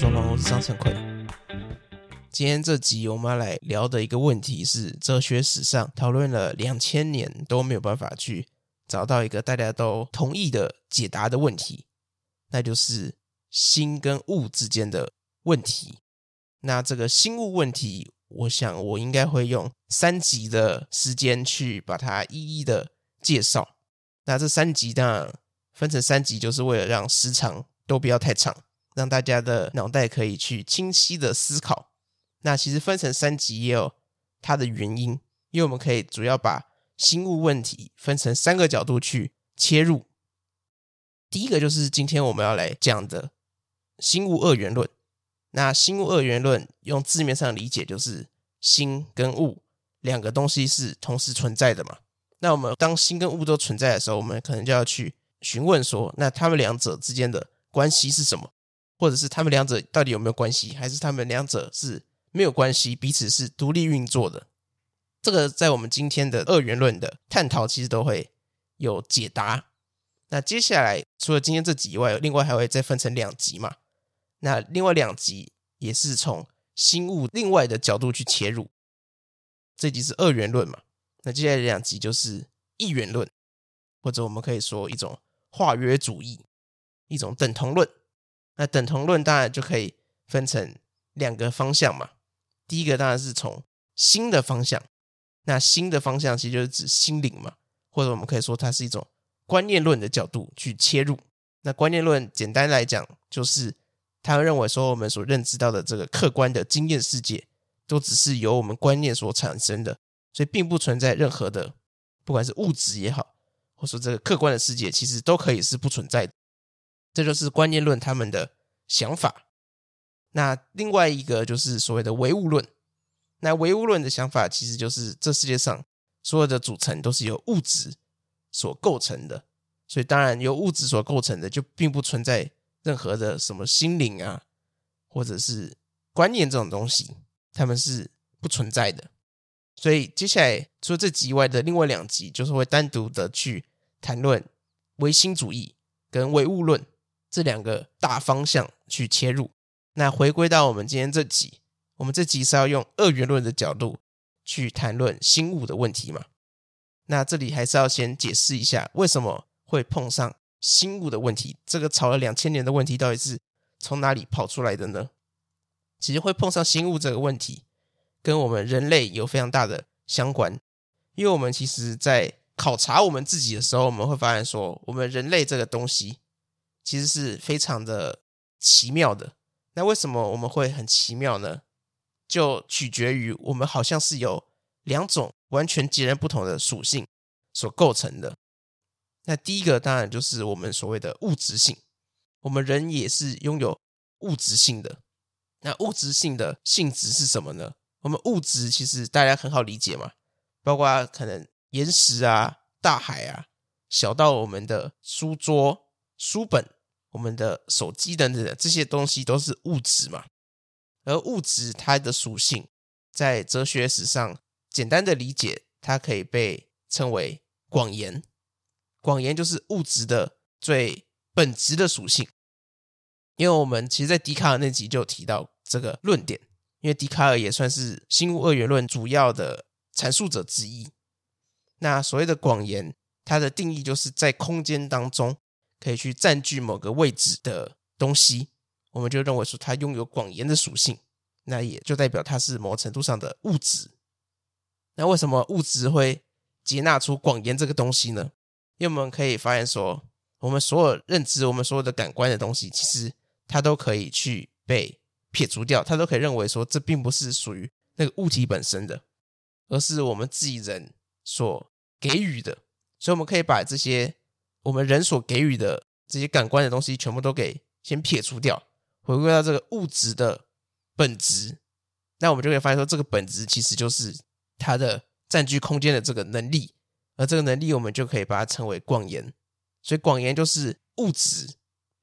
雙方我是張成奎。今天這集我們要來聊的一個問題是哲學史上討論了兩千年都沒有辦法去找到一個大家都同意的解答的問題，那就是心跟物之間的問題。那這個心物問題，我想我應該會用三集的時間去把它一一的介紹。那這三集呢，分成三集，就是為了讓時長都不要太長。讓大家的腦袋可以去清晰的思考。那其實分成三集也有它的原因，因為我們可以主要把心物問題分成三個角度去切入。第一個就是今天我們要來講的心物二元論。那心物二元論用字面上理解就是心跟物兩個東西是同時存在的嘛。那我們當心跟物都存在的時候，我們可能就要去詢問說，那他們兩者之間的關係是什麼？或者是他們兩者到底有沒有關係，還是他們兩者是沒有關係，彼此是獨立運作的？這個在我們今天的二元論的探討，其實都會有解答。那接下來除了今天這集以外，另外還會再分成兩集嘛？那另外兩集也是從心物另外的角度去切入。這集是二元論嘛？那接下來的兩集就是一元論，或者我們可以說一種化約主義，一種等同論。那等同論當然就可以分成兩個方向嘛。第一個當然是從心的方向，那心的方向其實就是指心靈嘛，或者我們可以說它是一種觀念論的角度去切入。那觀念論簡單來講，就是他認為說我們所認知到的這個客觀的經驗世界，都只是由我們觀念所產生的，所以並不存在任何的，不管是物質也好，或者說這個客觀的世界，其實都可以是不存在的。這就是觀念論他們的想法。那另外一個就是所謂的唯物論。那唯物論的想法其實就是這世界上所有的組成都是由物質所構成的，所以當然由物質所構成的就並不存在任何的什麼心靈啊，或者是觀念這種東西，他們是不存在的。所以接下來除了這集以外的另外兩集，就是會單獨的去談論唯心主義跟唯物論。這兩個大方向去切入，那回歸到我們今天這集，我們這集是要用二元論的角度去談論心物的問題嘛。那這裡還是要先解釋一下，為什麼會碰上心物的問題？這個吵了兩千年的問題，到底是從哪裡跑出來的呢？其實會碰上心物這個問題，跟我們人類有非常大的相關，因為我們其實，在考察我們自己的時候，我們會發現說，我們人類這個東西。其實是非常的奇妙的。那為什麼我們會很奇妙呢？就取決於我們好像是由兩種完全截然不同的屬性所構成的。那第一個當然就是我們所謂的物質性，我們人也是擁有物質性的。那物質性的性質是什麼呢？我們物質其實大家很好理解嘛，包括可能岩石啊、大海啊，小到我們的書桌。書本、我們的手機等等的，的這些東西都是物質嘛？而物質它的屬性，在哲學史上簡單的理解，它可以被稱為廣延，廣延就是物質的最本質的屬性。因為我們其實，在笛卡爾那集就提到這個論點，因為笛卡爾也算是心物二元論主要的闡述者之一。那所謂的廣延，它的定義就是在空間當中。可以去佔據某個位置的東西，我們就認為說它擁有廣延的屬性，那也就代表它是某程度上的物質。那為什麼物質會接納出廣延這個東西呢？因為我們可以發現說，我們所有認知、我們所有的感官的東西，其實它都可以去被撇除掉，它都可以認為說這並不是屬於那個物體本身的，而是我們自己人所給予的。所以我們可以把這些。我們人所給予的這些感官的東西，全部都給先撇除掉，回歸到這個物質的本質，那我們就可以發現說，這個本質其實就是它的占據空間的這個能力，而這個能力我們就可以把它稱為廣延。所以廣延就是物質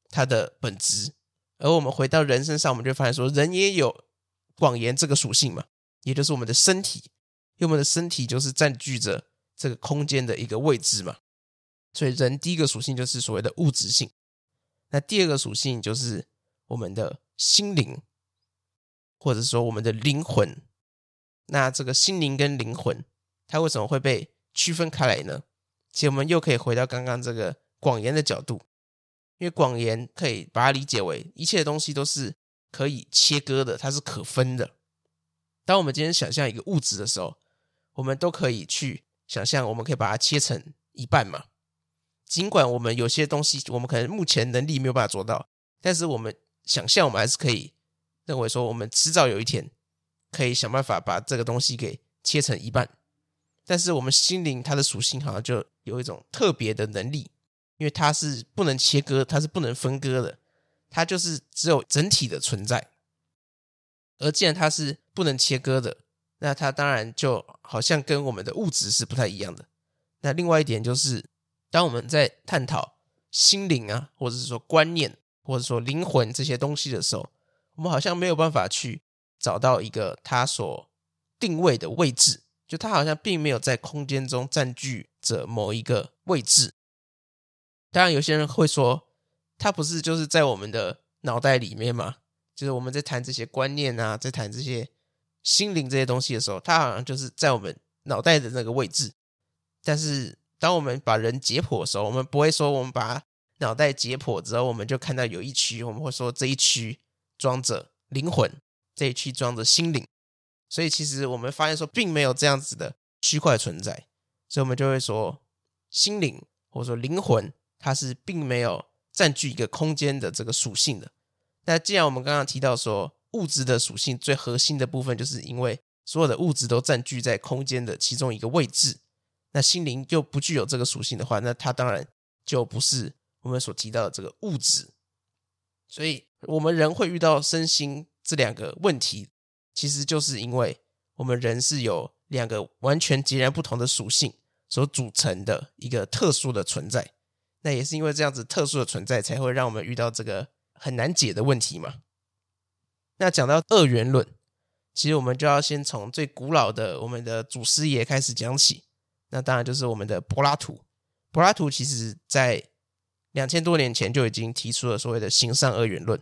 它的本質。而我們回到人身上，我們就發現說，人也有廣延這個屬性嘛，也就是我們的身體，因為我們的身體就是占據着這個空間的一個位置嘛。所以，人第一個屬性就是所謂的物質性。那第二個屬性就是我們的心靈，或者說我們的靈魂。那這個心靈跟靈魂，它為什麼會被區分開來呢？其實，我們又可以回到剛剛這個廣延的角度，因為廣延可以把它理解為一切的東西都是可以切割的，它是可分的。當我們今天想象一個物質的時候，我們都可以去想象，我們可以把它切成一半嘛？儘管我們有些東西，我們可能目前能力沒有辦法做到，但是我們想象，我們還是可以認為說，我們遲早有一天可以想辦法把這個東西給切成一半。但是我們心靈它的屬性好像就有一種特別的能力，因為它是不能切割，它是不能分割的，它就是只有整體的存在。而既然它是不能切割的，那它當然就好像跟我們的物質是不太一樣的。那另外一點就是。當我們在探討心靈啊，或者是說觀念，或者說靈魂這些東西的時候，我們好像沒有辦法去找到一個它所定位的位置，就它好像並沒有在空間中佔據着某一個位置。當然，有些人會說，它不是就是在我們的腦袋裡面嗎？就是我們在談這些觀念啊，在談這些心靈這些東西的時候，它好像就是在我們腦袋的那個位置，但是。當我們把人解剖的時候，我們不會說我們把腦袋解剖之後，我們就看到有一區，我們會說這一區裝着靈魂，這一區裝着心靈。所以其實我們發現說，並沒有這樣子的區塊存在。所以我們就會說，心靈或者說靈魂，它是並沒有占據一個空間的這個屬性的。那既然我們剛剛提到說物質的屬性最核心的部分，就是因為所有的物質都占據在空間的其中一個位置。那心靈就不具有這個屬性的話，那它當然就不是我們所提到的這個物質。所以，我們人會遇到身心這兩個問題，其實就是因為我們人是有兩個完全截然不同的屬性所組成的一個特殊的存在。那也是因為這樣子特殊的存在，才會讓我們遇到這個很難解的問題嘛。那講到二元論，其實我們就要先從最古老的我們的祖師爺開始講起。那當然就是我們的柏拉圖。柏拉圖其實在兩千多年前就已經提出了所謂的“形上二元論”。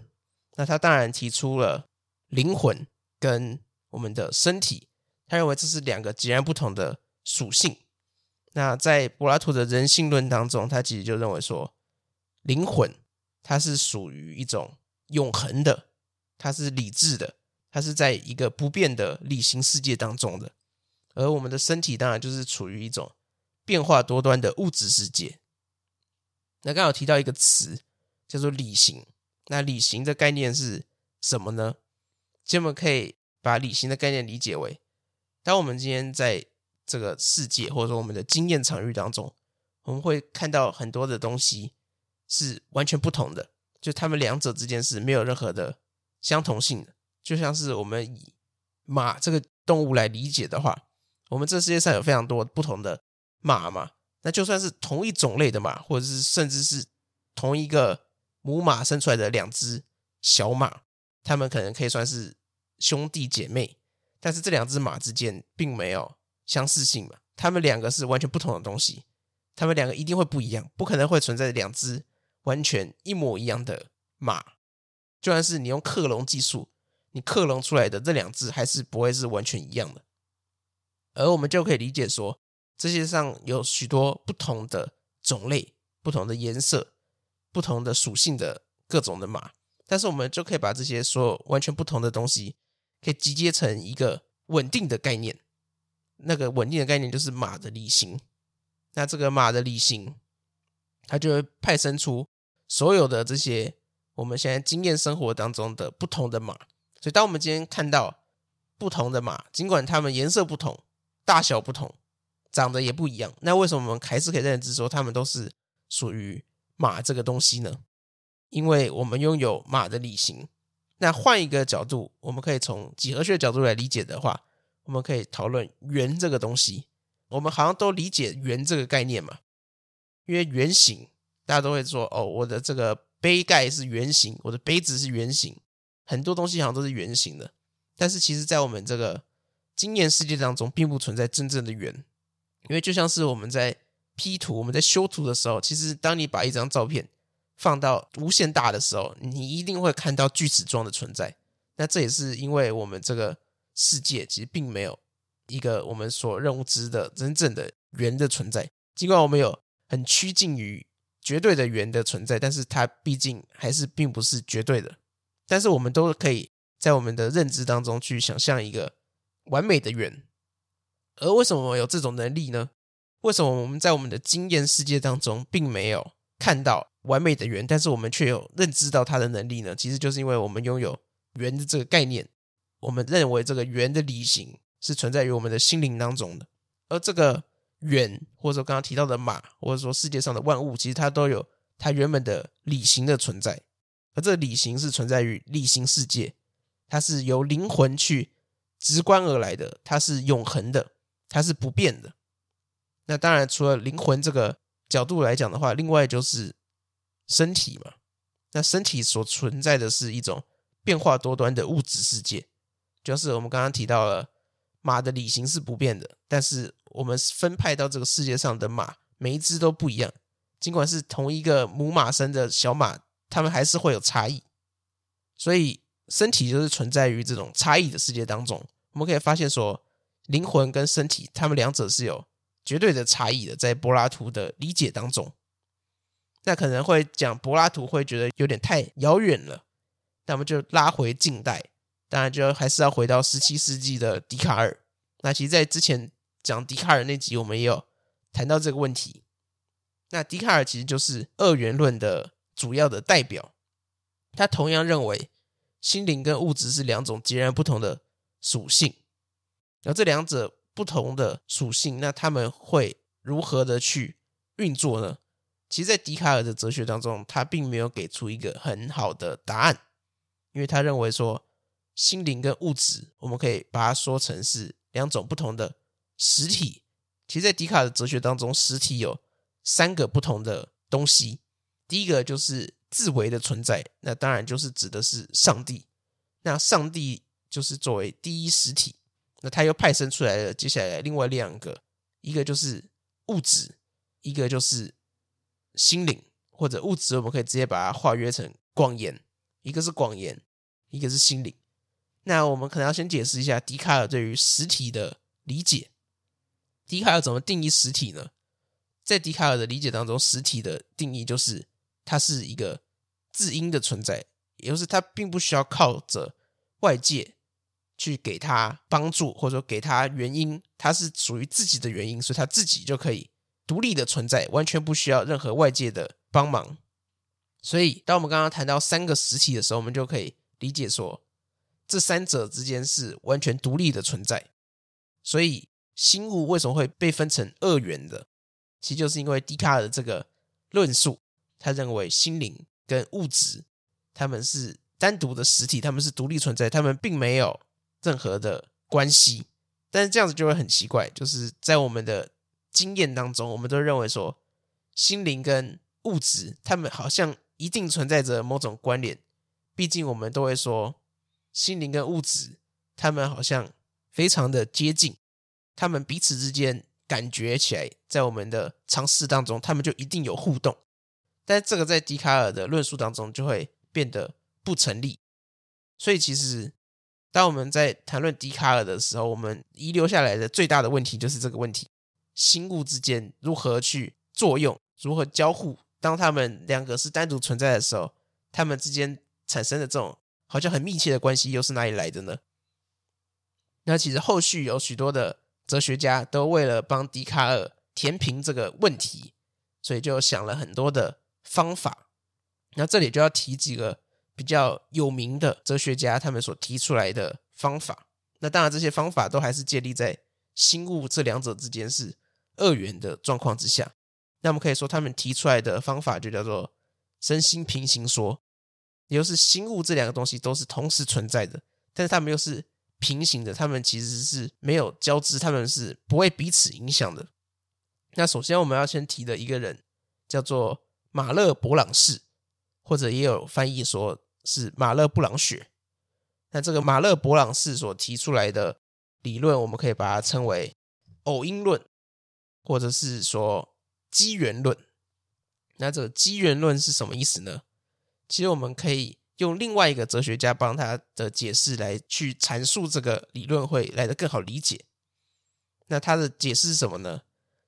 那他當然提出了靈魂跟我們的身體，他認為這是兩個截然不同的屬性。那在柏拉圖的人性論當中，他其實就認為說，靈魂它是屬於一種永恆的，它是理智的，它是在一個不變的理性世界當中的。而我們的身體當然就是處於一種變化多端的物質世界。那剛好提到一個詞叫做“理型”，那“理型”的概念是什麼呢？我們可以把“理型”的概念理解為：當我們今天在這個世界，或者說我們的經驗場域當中，我們會看到很多的東西是完全不同的，就他們兩者之間是沒有任何的相同性的。就像是我們以馬這個動物來理解的話。我們這世界上有非常多不同的馬嘛，那就算是同一種類的馬，或者是甚至是同一個母馬生出來的兩隻小馬，它們可能可以算是兄弟姐妹，但是這兩隻馬之間並沒有相似性嘛，它們兩個是完全不同的東西，它們兩個一定會不一樣，不可能會存在兩隻完全一模一樣的馬，就算是你用克隆技術，你克隆出來的這兩隻還是不會是完全一樣的。而我們就可以理解說，世界上有許多不同的種類、不同的顏色、不同的屬性的各種的馬，但是我們就可以把這些所有完全不同的東西，可以集結成一個穩定的概念。那個穩定的概念就是馬的理型。那這個馬的理型，它就會派生出所有的這些我們現在經驗生活當中的不同的馬。所以，當我們今天看到不同的馬，儘管它們顏色不同，大小不同，長得也不一樣，那為什麼我們還是可以認知說它們都是屬於馬這個東西呢？因為我們擁有馬的理型。那換一個角度，我們可以從幾何學的角度來理解的話，我們可以討論圓這個東西。我們好像都理解圓這個概念嘛？因為圓形，大家都會說哦，我的這個杯蓋是圓形，我的杯子是圓形，很多東西好像都是圓形的。但是其實在我們這個，經驗世界當中並不存在真正的圓，因為就像是我們在 P 圖、我們在修圖的時候，其實當你把一張照片放到無限大的時候，你一定會看到鋸齒狀的存在。那這也是因為我們這個世界其實並沒有一個我們所認知的真正的圓的存在。儘管我們有很趨近於絕對的圓的存在，但是它畢竟還是並不是絕對的。但是我們都可以在我們的認知當中去想象一個。完美的圓，而為什麼我們有這種能力呢？為什麼我們在我們的經驗世界當中並沒有看到完美的圓，但是我們卻有認知到它的能力呢？其實就是因為我們擁有圓的這個概念，我們認為這個圓的理型是存在於我們的心靈當中的。而這個圓，或者說剛剛提到的馬，或者說世界上的萬物，其實它都有它原本的理型的存在，而這個理型是存在於理型世界，它是由靈魂去。直觀而來的，它是永恆的，它是不變的。那當然，除了靈魂這個角度來講的話，另外就是身體嘛。那身體所存在的是一種變化多端的物質世界，就是我們剛剛提到了馬的理型是不變的，但是我們分派到這個世界上的馬，每一隻都不一樣。儘管是同一個母馬生的小馬，它們還是會有差異。所以，身體就是存在於這種差異的世界當中。我們可以發現說，說靈魂跟身體，它們兩者是有絕對的差異的。在柏拉圖的理解當中，那可能會講柏拉圖會覺得有點太遙遠了。那我們就拉回近代，當然就還是要回到十七世紀的笛卡爾。那其實，在之前講笛卡爾那集，我們也有談到這個問題。那笛卡爾其實就是二元論的主要的代表，他同樣認為心靈跟物質是兩種截然不同的屬性，然後這兩者不同的屬性，那他們會如何的去運作呢？其實，在笛卡爾的哲學當中，他並沒有給出一個很好的答案，因為他認為說，心靈跟物質，我們可以把它說成是兩種不同的實體。其實，在笛卡爾的哲學當中，實體有三個不同的東西，第一個就是自為的存在，那當然就是指的是上帝，那上帝。就是作為第一實體，那它又派生出來了，接下來另外兩個，一個就是物質，一個就是心靈。或者物質，我們可以直接把它化約成廣延，一個是廣延，一個是心靈。那我們可能要先解釋一下笛卡爾對於實體的理解。笛卡爾怎麼定義實體呢？在笛卡爾的理解當中，實體的定義就是它是一個自因的存在，也就是它並不需要靠着外界。去給他幫助，或者說給他原因，他是屬於自己的原因，所以他自己就可以獨立的存在，完全不需要任何外界的幫忙。所以，當我們剛剛談到三個實體的時候，我們就可以理解說，這三者之間是完全獨立的存在。所以，心物為什麼會被分成二元的？其實就是因為笛卡爾的這個論述，他認為心靈跟物質，他們是單獨的實體，他們是獨立存在，他們並沒有。任何的關係，但是這樣子就會很奇怪。就是在我們的經驗當中，我們都認為說，心靈跟物質，他們好像一定存在着某種關聯。畢竟我們都會說，心靈跟物質，他們好像非常的接近，他們彼此之間感覺起來，在我們的嘗試當中，他們就一定有互動。但這個在笛卡爾的論述當中就會變得不成立。所以其實。當我們在談論笛卡爾的時候，我們遺留下來的最大的問題就是這個問題：心物之間如何去作用，如何交互？當他們兩個是單獨存在的時候，他們之間產生的這種好像很密切的關係，又是哪裡來的呢？那其實後續有許多的哲學家都為了幫笛卡爾填平這個問題，所以就想了很多的方法。那這裡就要提幾個。比較有名的哲學家，他們所提出來的方法，那當然這些方法都還是建立在心物這兩者之間是二元的狀況之下。那我們可以說，他們提出來的方法就叫做身心平行說，也就是心物這兩個東西都是同時存在的，但是他們又是平行的，他們其實是沒有交織，他們是不會彼此影響的。那首先我們要先提的一個人叫做馬勒伯朗士，或者也有翻譯說。是馬勒伯朗士，那這個馬勒伯朗士所提出來的理論，我們可以把它稱為偶因論，或者是說機緣論。那這個機緣論是什麼意思呢？其實我們可以用另外一個哲學家幫他的解釋來去闡述這個理論，會來得更好理解。那他的解釋是什麼呢？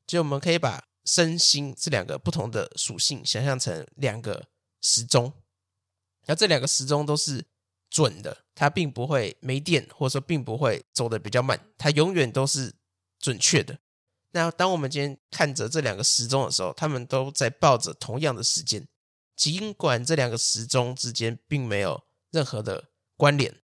其實我們可以把身心這兩個不同的屬性想象成兩個時鐘。然後這兩個時鐘都是準的，它並不會沒電，或者說並不會走得比較慢，它永遠都是準確的。那當我們今天看着這兩個時鐘的時候，他們都在報着同樣的時間，儘管這兩個時鐘之間並沒有任何的關聯，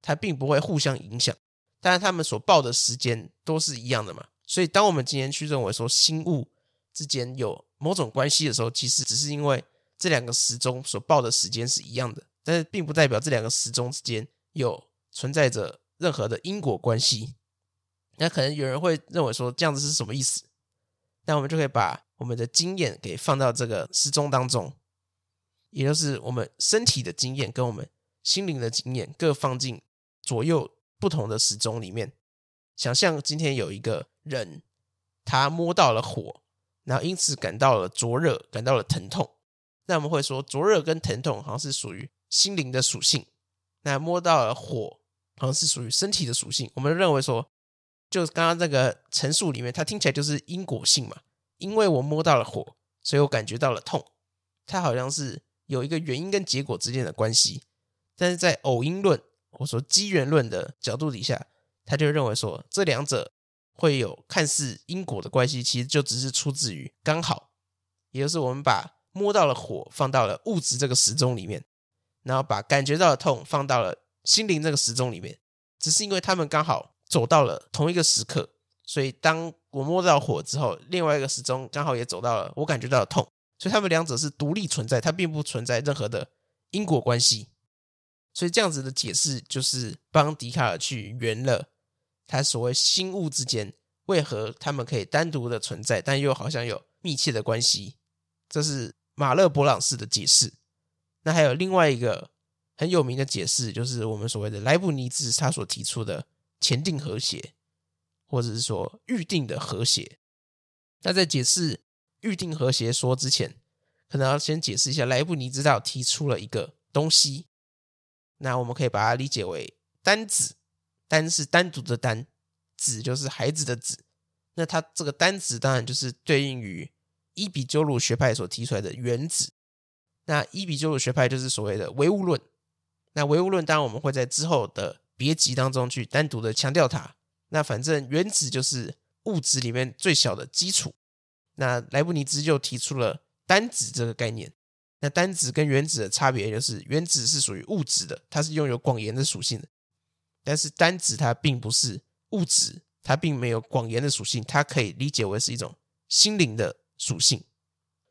它並不會互相影響，但是他們所報的時間都是一樣的嘛。所以當我們今天去認為說心物之間有某種關係的時候，其實只是因為。這兩個時鐘所報的時間是一樣的，但是並不代表這兩個時鐘之間有存在着任何的因果關係。那可能有人會認為說這樣子是什麼意思？那我們就可以把我們的經驗給放到這個時鐘當中，也就是我們身體的經驗跟我們心靈的經驗各放進左右不同的時鐘裡面。想象今天有一個人，他摸到了火，然後因此感到了灼熱，感到了疼痛。那我們會說，灼熱跟疼痛好像是屬於心靈的屬性；那摸到了火，好像是屬於身體的屬性。我們認為說，就剛剛這個陳述裡面，它聽起來就是因果性嘛。因為我摸到了火，所以我感覺到了痛。它好像是有一個原因跟結果之間的關係。但是在偶因論或說機緣論的角度底下，他就認為說，這兩者會有看似因果的關係，其實就只是出自於剛好，也就是我們把。摸到了火，放到了物質這個時鐘裡面，然後把感覺到的痛放到了心靈這個時鐘裡面。只是因為他們剛好走到了同一個時刻，所以當我摸到火之後，另外一個時鐘剛好也走到了我感覺到的痛。所以他們兩者是獨立存在，它並不存在任何的因果關係。所以這樣子的解釋就是幫笛卡爾去圓了他所謂心物之間，為何他們可以單獨的存在，但又好像有密切的關係。這是。馬勒伯朗士的解釋，那還有另外一個很有名的解釋，就是我們所謂的萊布尼茲他所提出的前定和諧，或者是說預定的和諧。那在解釋預定和諧說之前，可能要先解釋一下萊布尼茲他提出了一個東西。那我們可以把它理解為單子，單是單獨的單，子就是孩子的子。那它這個單子當然就是對應於。伊比鳩魯學派所提出來的原子，那伊比鳩魯學派就是所謂的唯物論。那唯物論當然我們會在之後的別集當中去單獨的強調它。那反正原子就是物質裡面最小的基礎。那萊布尼茲就提出了單子這個概念。那單子跟原子的差別就是，原子是屬於物質的，它是擁有廣延的屬性的；但是單子它並不是物質，它並沒有廣延的屬性，它可以理解為是一種心靈的。屬性，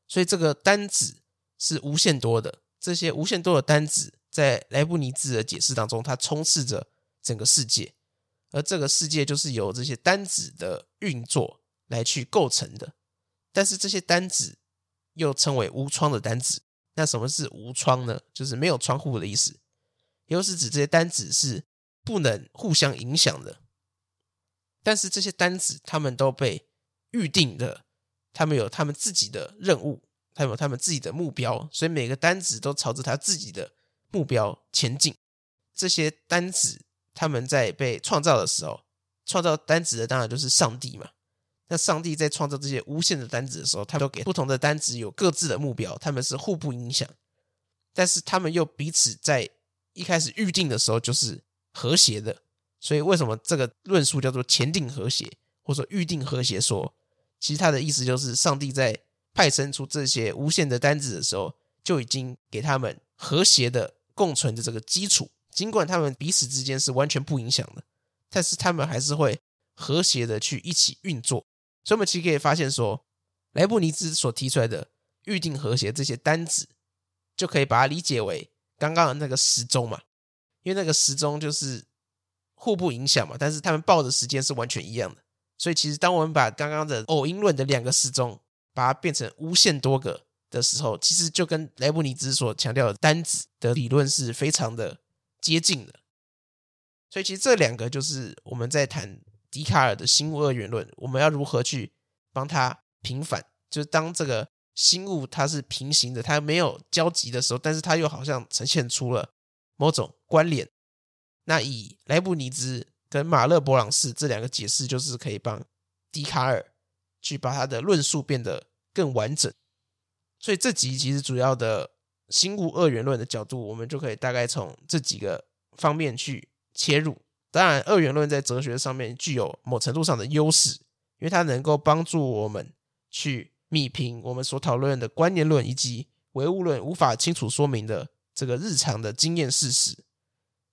所以這個單子是無限多的。這些無限多的單子，在萊布尼茲的解釋當中，它充斥着整個世界，而這個世界就是由這些單子的運作來去構成的。但是這些單子又稱為無窗的單子。那什麼是無窗呢？就是沒有窗戶的意思，又是指這些單子是不能互相影響的。但是這些單子，它們都被預定的。他們有他們自己的任務，他們有他們自己的目標，所以每個單子都朝着他自己的目標前進。這些單子他們在被創造的時候，創造單子的當然就是上帝嘛。那上帝在創造這些無限的單子的時候，他都給不同的單子有各自的目標，他們是互不影響，但是他們又彼此在一開始預定的時候就是和諧的。所以為什麼這個論述叫做前定和諧，或者說預定和諧說？其實他的意思就是，上帝在派生出這些無限的單子的時候，就已經給他們和諧的共存的這個基礎。儘管他們彼此之間是完全不影響的，但是他們還是會和諧的去一起運作。所以我們其實可以發現說，萊布尼茲所提出來的預定和諧這些單子，就可以把它理解為剛剛的那個時鐘嘛，因為那個時鐘就是互不影響嘛，但是他們報的時間是完全一樣的。所以，其實當我們把剛剛的偶因論的兩個式子，把它變成無限多個的時候，其實就跟萊布尼茲所強調的單子的理論是非常的接近的。所以，其實這兩個就是我們在談笛卡爾的心物二元論，我們要如何去幫他平反？就是當這個心物它是平行的，它沒有交集的時候，但是它又好像呈現出了某種關聯。那以萊布尼茲。跟馬勒伯朗士這兩個解釋，就是可以幫笛卡爾去把他的論述變得更完整。所以，這集其實主要的心物二元論的角度，我們就可以大概從這幾個方面去切入。當然，二元論在哲學上面具有某程度上的優勢，因為它能夠幫助我們去密評我們所討論的觀念論以及唯物論無法清楚說明的這個日常的經驗事實。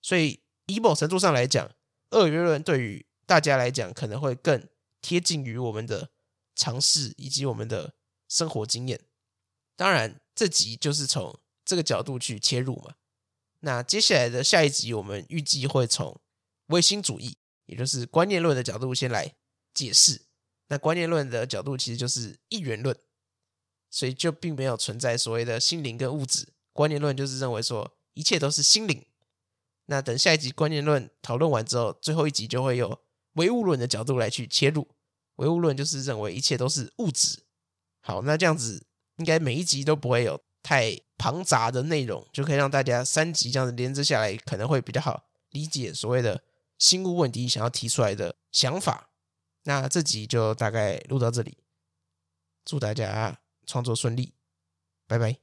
所以，以某程度上來講，二元論對於大家來講可能會更貼近於我們的嘗試以及我們的生活經驗。當然，這集就是從這個角度去切入嘛。那接下來的下一集，我們預計會從唯心主義，也就是觀念論的角度先來解釋。那觀念論的角度其實就是一元論，所以就並沒有存在所謂的心靈跟物質。觀念論就是認為說，一切都是心靈。那等下一集觀念論討論完之後，最後一集就會由唯物論的角度來去切入。唯物論就是認為一切都是物質。好，那這樣子應該每一集都不會有太龐雜的內容，就可以讓大家三集這樣子連着下來，可能會比較好理解所謂的心物問題想要提出來的想法。那這集就大概錄到這裡，祝大家創作順利，拜拜。